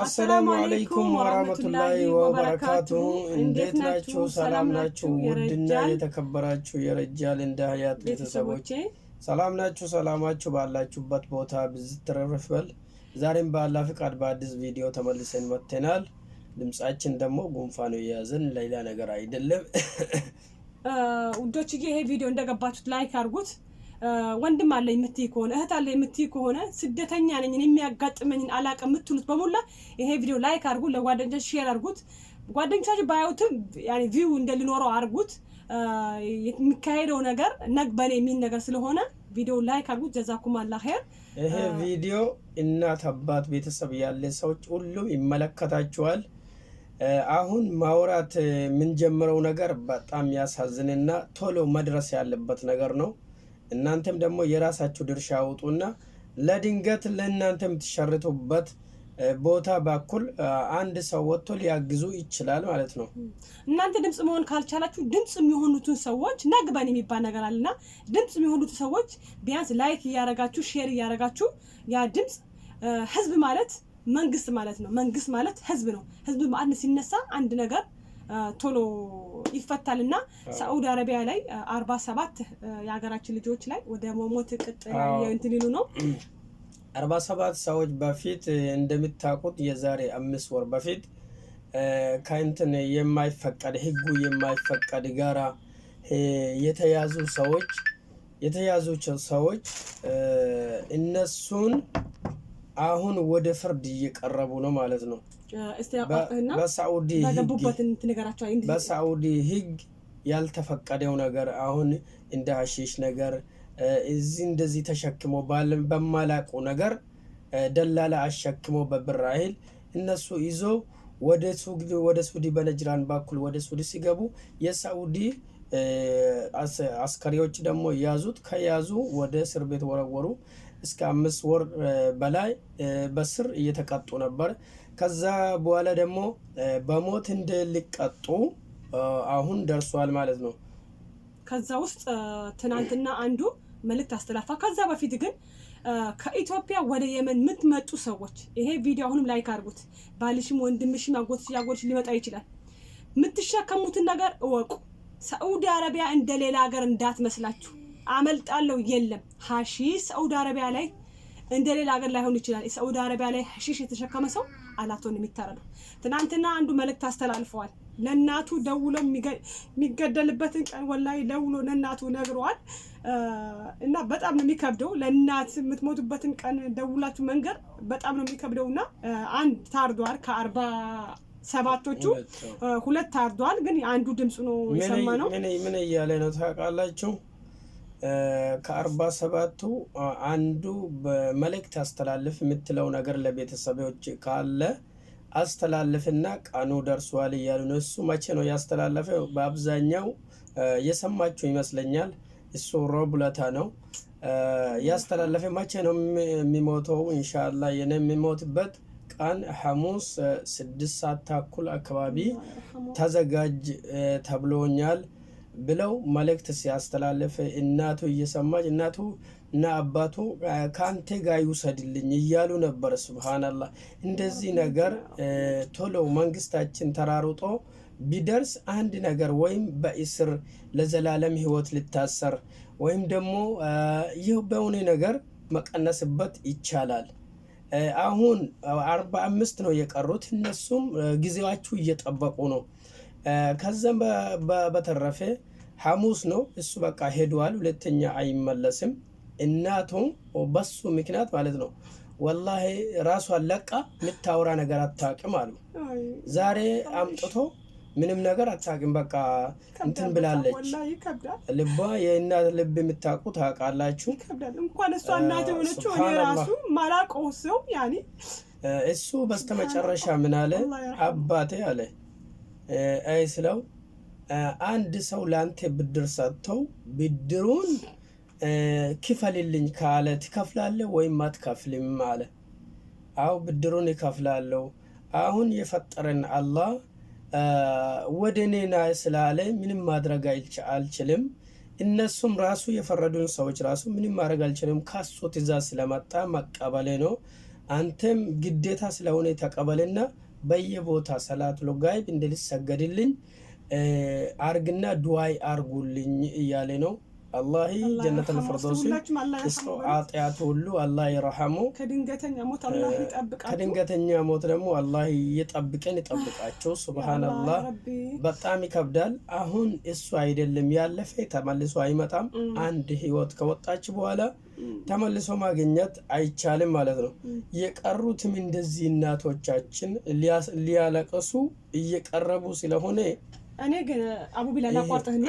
አሰላሙ አለይኩም ወራህመቱላሂ ወበረካቱ። እንዴት ናችሁ? ሰላም ናችሁ? ውድና የተከበራችሁ የረጃል እንደ ሀያት ቤተሰቦች ሰላም ናችሁ? ሰላማችሁ ባላችሁበት ቦታ ብዝትረረፍበል። ዛሬም በአላ ፍቃድ በአዲስ ቪዲዮ ተመልሰን መጥተናል። ድምጻችን ደግሞ ጉንፋን የያዘን ሌላ ነገር አይደለም። ውዶች ይሄ ቪዲዮ እንደገባችሁት ላይክ አድርጉት። ወንድም አለ የምትይ ከሆነ እህት አለ የምትይ ከሆነ ስደተኛ ነኝ የሚያጋጥመኝን አላውቅም የምትሉት በሙላ ይሄ ቪዲዮ ላይክ አድርጉ፣ ለጓደኞቻችሁ ሼር አድርጉት። ጓደኞቻችሁ ባያዩትም ያኔ ቪው እንደሊኖረው አድርጉት። የሚካሄደው ነገር ነግ በኔ የሚል ነገር ስለሆነ ቪዲዮ ላይክ አድርጉት። ጀዛኩም አላ ኸይር። ይሄ ቪዲዮ እናት፣ አባት፣ ቤተሰብ ያለ ሰዎች ሁሉ ይመለከታችኋል። አሁን ማውራት የምንጀምረው ነገር በጣም ያሳዝንና ቶሎ መድረስ ያለበት ነገር ነው። እናንተም ደግሞ የራሳችሁ ድርሻ አውጡና ለድንገት ለእናንተ የምትሸርቱበት ቦታ በኩል አንድ ሰው ወጥቶ ሊያግዙ ይችላል ማለት ነው። እናንተ ድምፅ መሆን ካልቻላችሁ ድምፅ የሚሆኑትን ሰዎች ነግበን የሚባል ነገር አለና ድምፅ የሚሆኑትን ሰዎች ቢያንስ ላይክ እያረጋችሁ ሼር እያረጋችሁ ያ ድምፅ ህዝብ ማለት መንግስት ማለት ነው። መንግስት ማለት ህዝብ ነው። ህዝብ አንድ ሲነሳ አንድ ነገር ቶሎ ይፈታል እና ሳዑዲ አረቢያ ላይ አርባ ሰባት የሀገራችን ልጆች ላይ ወደ መሞት ቅጥ እንትን ይሉ ነው። አርባ ሰባት ሰዎች በፊት እንደምታውቁት የዛሬ አምስት ወር በፊት ከእንትን የማይፈቀድ ህጉ የማይፈቀድ ጋራ የተያዙ ሰዎች የተያዙ ሰዎች እነሱን አሁን ወደ ፍርድ እየቀረቡ ነው ማለት ነው። በሳዑዲ ህግ ያልተፈቀደው ነገር አሁን እንደ ሀሺሽ ነገር እዚህ እንደዚህ ተሸክሞ በማላቁ ነገር ደላላ አሸክሞ በብር አይል እነሱ ይዞ ወደ ሱዲ በነጅራን በኩል ወደ ሱዲ ሲገቡ የሳዑዲ አስከሪዎች ደግሞ ያዙት። ከያዙ ወደ እስር ቤት ወረወሩ። እስከ አምስት ወር በላይ በስር እየተቀጡ ነበር። ከዛ በኋላ ደግሞ በሞት እንደሊቀጡ አሁን ደርሷል ማለት ነው። ከዛ ውስጥ ትናንትና አንዱ መልእክት አስተላፋ። ከዛ በፊት ግን ከኢትዮጵያ ወደ የመን የምትመጡ ሰዎች ይሄ ቪዲዮ አሁንም ላይክ አድርጉት። ባልሽም፣ ወንድምሽም፣ አጎት ያጎች ሊመጣ ይችላል። የምትሸከሙትን ነገር እወቁ። ሳዑዲ አረቢያ እንደ ሌላ ሀገር እንዳትመስላችሁ። አመልጣለው የለም። ሀሺሽ ሳውዲ አረቢያ ላይ እንደ ሌላ ሀገር ላይሆን ይችላል። ሳዑዲ አረቢያ ላይ ሀሺሽ የተሸከመ ሰው አላቶን ነው። ትናንትና አንዱ መልእክት አስተላልፈዋል። ለእናቱ ደውሎ የሚገደልበትን ቀን ወላሂ ደውሎ ለእናቱ ነግረዋል። እና በጣም ነው የሚከብደው። ለእናት የምትሞቱበትን ቀን ደውላችሁ መንገር በጣም ነው የሚከብደው። እና አንድ ታርዷል ከአርባ ሰባቶቹ ሁለት ታርዷል። ግን አንዱ ድምፁ ነው የሰማ ነው። ምን እያለ ነው ታውቃላችሁ? ከአርባ ሰባቱ አንዱ በመልእክት አስተላልፍ የምትለው ነገር ለቤተሰቦች ካለ አስተላልፍና ቀኑ ደርሷል እያሉ ነው። እሱ መቼ ነው ያስተላለፈ? በአብዛኛው የሰማችሁ ይመስለኛል። እሱ ሮብ ነው ያስተላለፈ። መቼ ነው የሚሞተው? እንሻላ የነ የሚሞትበት ቀን ሐሙስ ስድስት ሰዓት ተኩል አካባቢ ተዘጋጅ ተብሎኛል። ብለው መልእክት ሲያስተላለፈ እናቱ እየሰማች እናቱ እና አባቱ ከአንተ ጋር ይውሰድልኝ እያሉ ነበር። ሱብሃናላህ እንደዚህ ነገር ቶሎ መንግስታችን ተራርጦ ቢደርስ አንድ ነገር ወይም በእስር ለዘላለም ህይወት ልታሰር ወይም ደግሞ ይህ በሆነ ነገር መቀነስበት ይቻላል። አሁን አርባ አምስት ነው የቀሩት። እነሱም ጊዜያችሁ እየጠበቁ ነው። ከዛም በተረፈ ሐሙስ ነው እሱ በቃ ሄደዋል። ሁለተኛ አይመለስም። እናቱ በሱ ምክንያት ማለት ነው ወላሂ ራሷን ለቃ የምታወራ ነገር አታውቅም አሉ። ዛሬ አምጥቶ ምንም ነገር አታውቅም። በቃ እንትን ብላለች። ልቧ የእናት ልብ የምታውቁ ታውቃላችሁ። እንኳን እሷ እናት እኔ ራሱ ማላውቀው ሰው ያኔ እሱ በስተመጨረሻ ምን አለ አባቴ አለ አይ ስለው አንድ ሰው ለአንተ ብድር ሰጥተው ብድሩን ክፈልልኝ ካለ ትከፍላለህ ወይም አትከፍልም አለ። አው ብድሩን እከፍላለሁ። አሁን የፈጠረን አላህ ወደ እኔና ስላለ ምንም ማድረግ አልችልም። እነሱም ራሱ የፈረዱን ሰዎች ራሱ ምንም ማድረግ አልችልም። ካሱ ትእዛዝ ስለመጣ መቀበሌ ነው። አንተም ግዴታ ስለሆነ ተቀበልና በየቦታ ሰላት ጋይብ እንድልሰገድልኝ አርግና ዱዋይ አርጉልኝ እያለ ነው። አላህ ጀነተል ፈርዶስ እስከ ኃጢአት ሁሉ አላህ ይርሐሙ። ከድንገተኛ ሞት አላህ ይጠብቃቸው። ከድንገተኛ ሞት ደግሞ አላህ ይጠብቀን ይጠብቃቸው። ሱብሃንአላህ በጣም ይከብዳል። አሁን እሱ አይደለም ያለፈ ተመልሶ አይመጣም። አንድ ህይወት ከወጣች በኋላ ተመልሶ ማግኘት አይቻልም ማለት ነው። የቀሩትም እንደዚህ እናቶቻችን ሊያለቅሱ እየቀረቡ ስለሆነ እኔ ግን አቡ ቢላል አቋርጥህና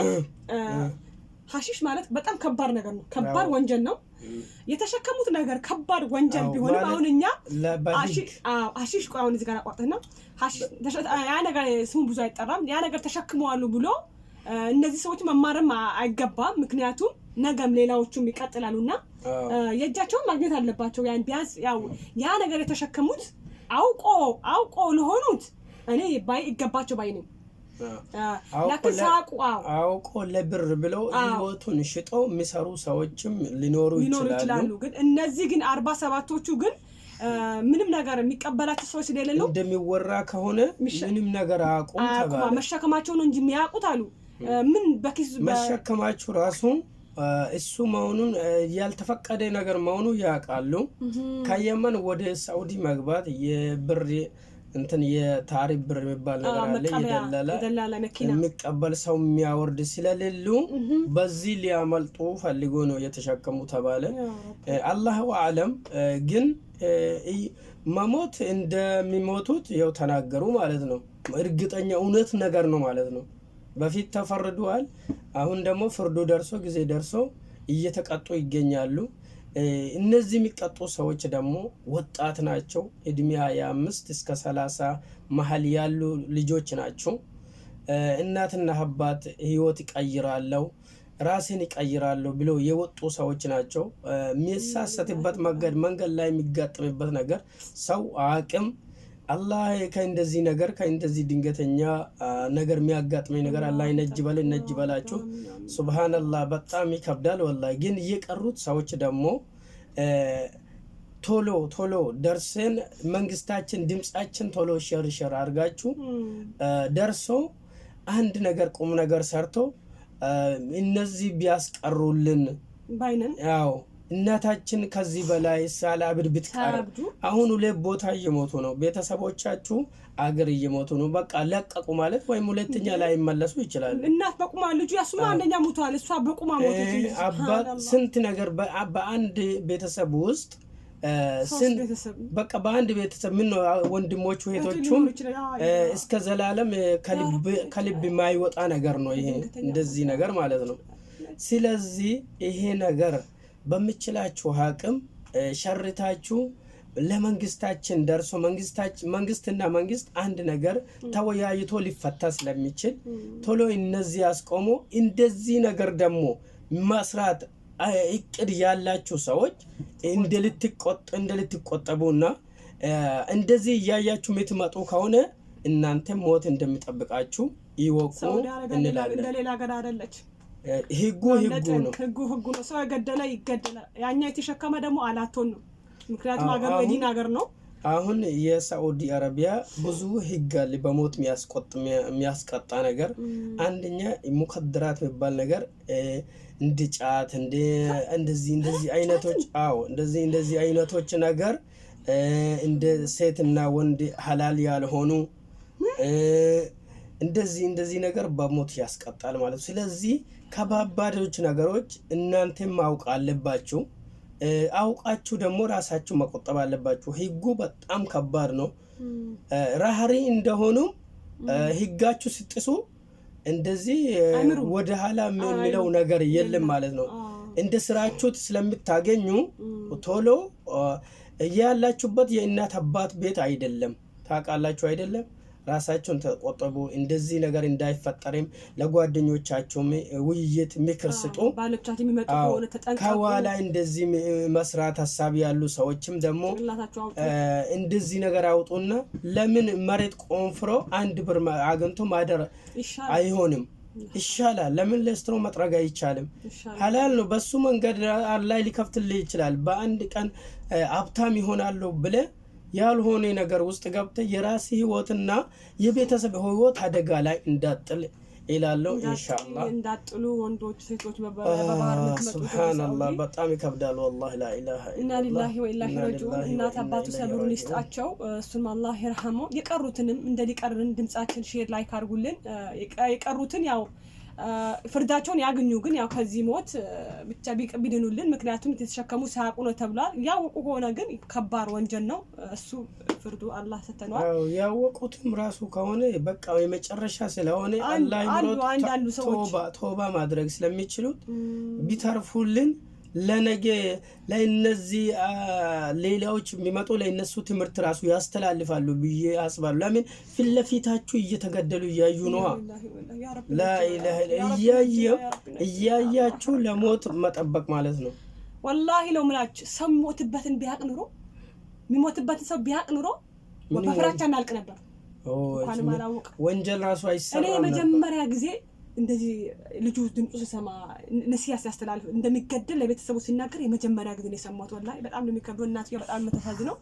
ሀሺሽ ማለት በጣም ከባድ ነገር ነው። ከባድ ወንጀል ነው። የተሸከሙት ነገር ከባድ ወንጀል ቢሆንም አሁን እኛ ሀሺሽ ቆይ አሁን እዚህ ጋር አቋርጥና ያ ነገር ስሙ ብዙ አይጠራም። ያ ነገር ተሸክመዋሉ ብሎ እነዚህ ሰዎች መማርም አይገባም። ምክንያቱም ነገም ሌላዎቹም ይቀጥላሉ እና የእጃቸውን ማግኘት አለባቸው። ያን ቢያንስ ያው ያ ነገር የተሸከሙት አውቆ አውቆ ለሆኑት እኔ ባይ ይገባቸው ባይ ነኝ አውቆ ለብር ብለው ህይወቱን ሽጠው የሚሰሩ ሰዎችም ሊኖሩ ይችላሉ። ግን እነዚህ ግን አርባ ሰባቶቹ ግን ምንም ነገር የሚቀበላቸው ሰዎች ስለሌሉ እንደሚወራ ከሆነ ምንም ነገር አቁም ተባለ። መሸከማቸው ነው እንጂ የሚያውቁት አሉ ምን በኪስ መሸከማችሁ ራሱን እሱ መሆኑን ያልተፈቀደ ነገር መሆኑ ያውቃሉ። ከየመን ወደ ሳውዲ መግባት የብር እንትን የታሪፍ ብር የሚባል ነገር አለ። የደላላ የሚቀበል ሰው የሚያወርድ ስለሌሉ በዚህ ሊያመልጡ ፈልጎ ነው የተሸከሙ ተባለ። አላህ አለም ግን መሞት እንደሚሞቱት ያው ተናገሩ ማለት ነው። እርግጠኛ እውነት ነገር ነው ማለት ነው። በፊት ተፈርደዋል። አሁን ደግሞ ፍርዱ ደርሶ ጊዜ ደርሶ እየተቀጡ ይገኛሉ። እነዚህ የሚቀጡ ሰዎች ደግሞ ወጣት ናቸው። እድሜ ሀያ እስከ ሰላሳ መሀል ያሉ ልጆች ናቸው። እናትና አባት ህይወት ይቀይራለው ራሴን ይቀይራለሁ ብለው የወጡ ሰዎች ናቸው። የሚሳሰትበት መንገድ መንገድ ላይ የሚጋጥምበት ነገር ሰው አቅም አላህ ከእንደዚህ ነገር ከእንደዚህ ድንገተኛ ነገር የሚያጋጥመኝ ነገር አላህ ነጅ በል ነጅ በላችሁ። ሱብሃነላህ በጣም ይከብዳል ወላሂ። ግን የቀሩት ሰዎች ደግሞ ቶሎ ቶሎ ደርሰን መንግስታችን ድምፃችን ቶሎ ሸር ሸር አድርጋችሁ ደርሶ አንድ ነገር ቁም ነገር ሰርቶ እነዚህ ቢያስቀሩልን ባይነን ያው እናታችን ከዚህ በላይ ሳላብድ ብትቀር አሁን ሁለት ቦታ እየሞቱ ነው። ቤተሰቦቻችሁ አገር እየሞቱ ነው። በቃ ለቀቁ ማለት ወይም ሁለተኛ ላይ መለሱ ይችላል። እናት በቁማ ልጁ ያሱማ አንደኛ ሞቷል፣ እሷ በቁማ ሞተች። አባት ስንት ነገር በአንድ ቤተሰብ ውስጥ በቃ በአንድ ቤተሰብ ምን ወንድሞቹ ሄቶቹም እስከ ዘላለም ከልብ የማይወጣ ነገር ነው ይሄ እንደዚህ ነገር ማለት ነው። ስለዚህ ይሄ ነገር በምችላችሁ አቅም ሸርታችሁ ለመንግስታችን ደርሶ መንግስትና መንግስት አንድ ነገር ተወያይቶ ሊፈታ ስለሚችል ቶሎ እነዚህ አስቆሞ፣ እንደዚህ ነገር ደግሞ መስራት እቅድ ያላችሁ ሰዎች እንደልትቆጠቡና እንደዚህ እያያችሁ የምትመጡ ከሆነ እናንተ ሞት እንደሚጠብቃችሁ ይወቁ እንላለን። ህጉ ህጉ ነው። ህጉ ህጉ ነው። ሰው የገደለ ይገደላል። ያኛ የተሸከመ ደግሞ አላቶን ነው። ምክንያቱም ሀገር መዲን ሀገር ነው። አሁን የሳዑዲ አረቢያ ብዙ ህግ አለ፣ በሞት የሚያስቀጣ ነገር። አንደኛ ሙከድራት የሚባል ነገር እንደ ጫት እንደዚህ እንደዚህ አይነቶች አዎ፣ እንደዚህ እንደዚህ አይነቶች ነገር እንደ ሴትና ወንድ ሀላል ያልሆኑ እንደዚህ እንደዚህ ነገር በሞት ያስቀጣል ማለት ስለዚህ ከባባዶች ነገሮች እናንተም ማወቅ አለባችሁ። አውቃችሁ ደግሞ ራሳችሁ መቆጠብ አለባችሁ። ህጉ በጣም ከባድ ነው። ራህሪ እንደሆኑም ህጋችሁ ስጥሱ እንደዚህ ወደ ኋላ የሚለው ነገር የለም ማለት ነው። እንደ ስራችሁ ስለምታገኙ ቶሎ ያላችሁበት የእናት አባት ቤት አይደለም፣ ታውቃላችሁ አይደለም ራሳቸውን ተቆጠቡ። እንደዚህ ነገር እንዳይፈጠርም ለጓደኞቻቸውም ውይይት ምክር ስጡ። ከኋላ እንደዚህ መስራት ሀሳብ ያሉ ሰዎችም ደግሞ እንደዚህ ነገር አውጡና ለምን መሬት ቆንፍሮ አንድ ብር አግኝቶ ማደር አይሆንም? ይሻላል። ለምን ለስትሮ መጥረግ አይቻልም? ሀላል ነው። በሱ መንገድ ላይ ሊከፍትልህ ይችላል። በአንድ ቀን ሀብታም ይሆናሉ ብለህ ያልሆነ ነገር ውስጥ ገብተ የራስ ህይወትና የቤተሰብ ህይወት አደጋ ላይ እንዳጥል ይላለው። ኢንሻአላ እንዳጥሉ ወንዶች፣ ሴቶች በባህር ምክመጡ ሱብሃንአላህ፣ በጣም ይከብዳል። ወላሂ ላኢላሃ እና ሊላሂ ወኢላሂ ረጂዑን። እናት አባቱ ሰብሩን ይስጣቸው፣ እሱም አላህ ይርሐመው። የቀሩትንም እንደሊቀርን ድምጻችን ሼር ላይ ካርጉልን የቀሩትን ያው ፍርዳቸውን ያግኙ። ግን ያው ከዚህ ሞት ብቻ ቢድኑልን፣ ምክንያቱም የተሸከሙ ሳያውቁ ነው ተብሏል። ያውቁ ከሆነ ግን ከባድ ወንጀል ነው እሱ ፍርዱ አላህ ሰተነዋል። ያወቁትም ራሱ ከሆነ በቃ የመጨረሻ ስለሆነ አላህ ተውባ ማድረግ ስለሚችሉት ቢተርፉልን ለነገ ለእነዚህ ሌላዎች የሚመጡ ለእነሱ ትምህርት ራሱ ያስተላልፋሉ ብዬ አስባሉ። ለምን ፊት ለፊታችሁ እየተገደሉ እያዩ ነዋ። እያያችሁ ለሞት መጠበቅ ማለት ነው። ወላሂ ነው ምላችሁ። ሰው የሚሞትበትን ቢያቅ ኑሮ የሚሞትበትን ሰው ቢያቅ ኑሮ በፍራቻ እናልቅ ነበር። ወንጀል ራሱ አይሰራ። እኔ የመጀመሪያ ጊዜ እንደዚህ ልጁ ድምፁ ሲሰማ ነሲያ ሲያስተላልፍ እንደሚገደል ለቤተሰቡ ሲናገር የመጀመሪያ ጊዜ የሰማሁት ወላሂ በጣም ነው የሚከብደው። እናትዬ በጣም ነው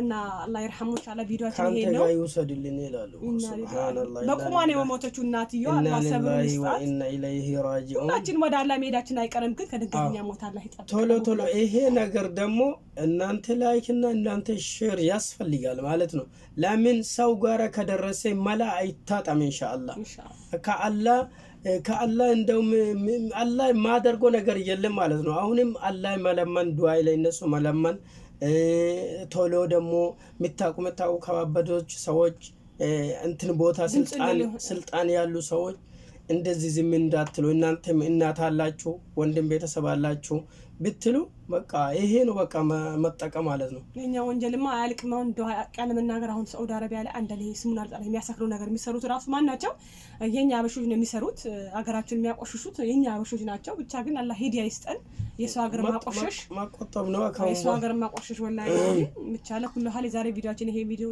እና አላህ ይርሐሙ ሻላ ቪዲዮችን ይሄ ነው ይውሰድልን ይላሉ። በቁሟ ነው የሞተችው እናትዬ። አላህ ሰብር ይስጣት። ሁላችን ወደ አላህ መሄዳችን አይቀርም፣ ግን ከድንገተኛ ሞት አላህ ይጠብቅ። ቶሎ ቶሎ ይሄ ነገር ደግሞ እናንተ ላይክ እና እናንተ ሼር ያስፈልጋል ማለት ነው። ለምን ሰው ጋራ ከደረሰ መላ አይታጣም። ኢንሻአላህ ከአላህ ከአላህ እንደውም አላህ ማደርጎ ነገር የለም ማለት ነው። አሁንም አላህ መለመን ዱዓይ ላይ እነሱ መለመን ቶሎ ደግሞ የሚታቁ የሚታቁ ከባበዶች ሰዎች እንትን ቦታ ስልጣን ያሉ ሰዎች እንደዚህ ዝም እንዳትሉ እናንተም እናት አላችሁ ወንድም ቤተሰብ አላችሁ ብትሉ በቃ ይሄ ነው በቃ መጠቀም ማለት ነው። የኛ ወንጀልማ አያልቅም። አሁን እንደ ሀቅ ያለ አሁን ሳውዲ አረቢያ ላይ አንዳንድ ስሙን አልጠራ የሚያሳክረው ነገር የሚሰሩት ራሱ ማን ናቸው? የኛ አበሾች ነው የሚሰሩት፣ ሀገራቸውን የሚያቆሽሹት የኛ አበሾች ናቸው። ብቻ ግን አላህ ሂዳያ ይስጠን። የሰው ሀገር ማቆሸሽ ማቆጠብ ነው፣ የሰው ሀገር ማቆሸሽ ወላሂ። ብቻ ሁሉ ሀል የዛሬ ቪዲዮችን ይሄ ቪዲዮ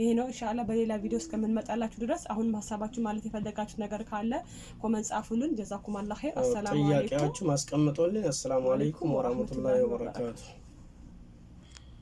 ይሄ ነው። ኢንሻአላህ በሌላ ቪዲዮ እስከምንመጣላችሁ ድረስ አሁን ሀሳባችሁ ማለት የፈለጋችሁት ነገር ካለ ኮመንት ጻፉልን። ጀዛኩም አላህ ኸይር። አሰላሙ አለይኩም ጥያቄያችሁ ማስቀምጦልን። አሰላሙ አለይኩም ወራህመቱላሂ Allah'a emanet.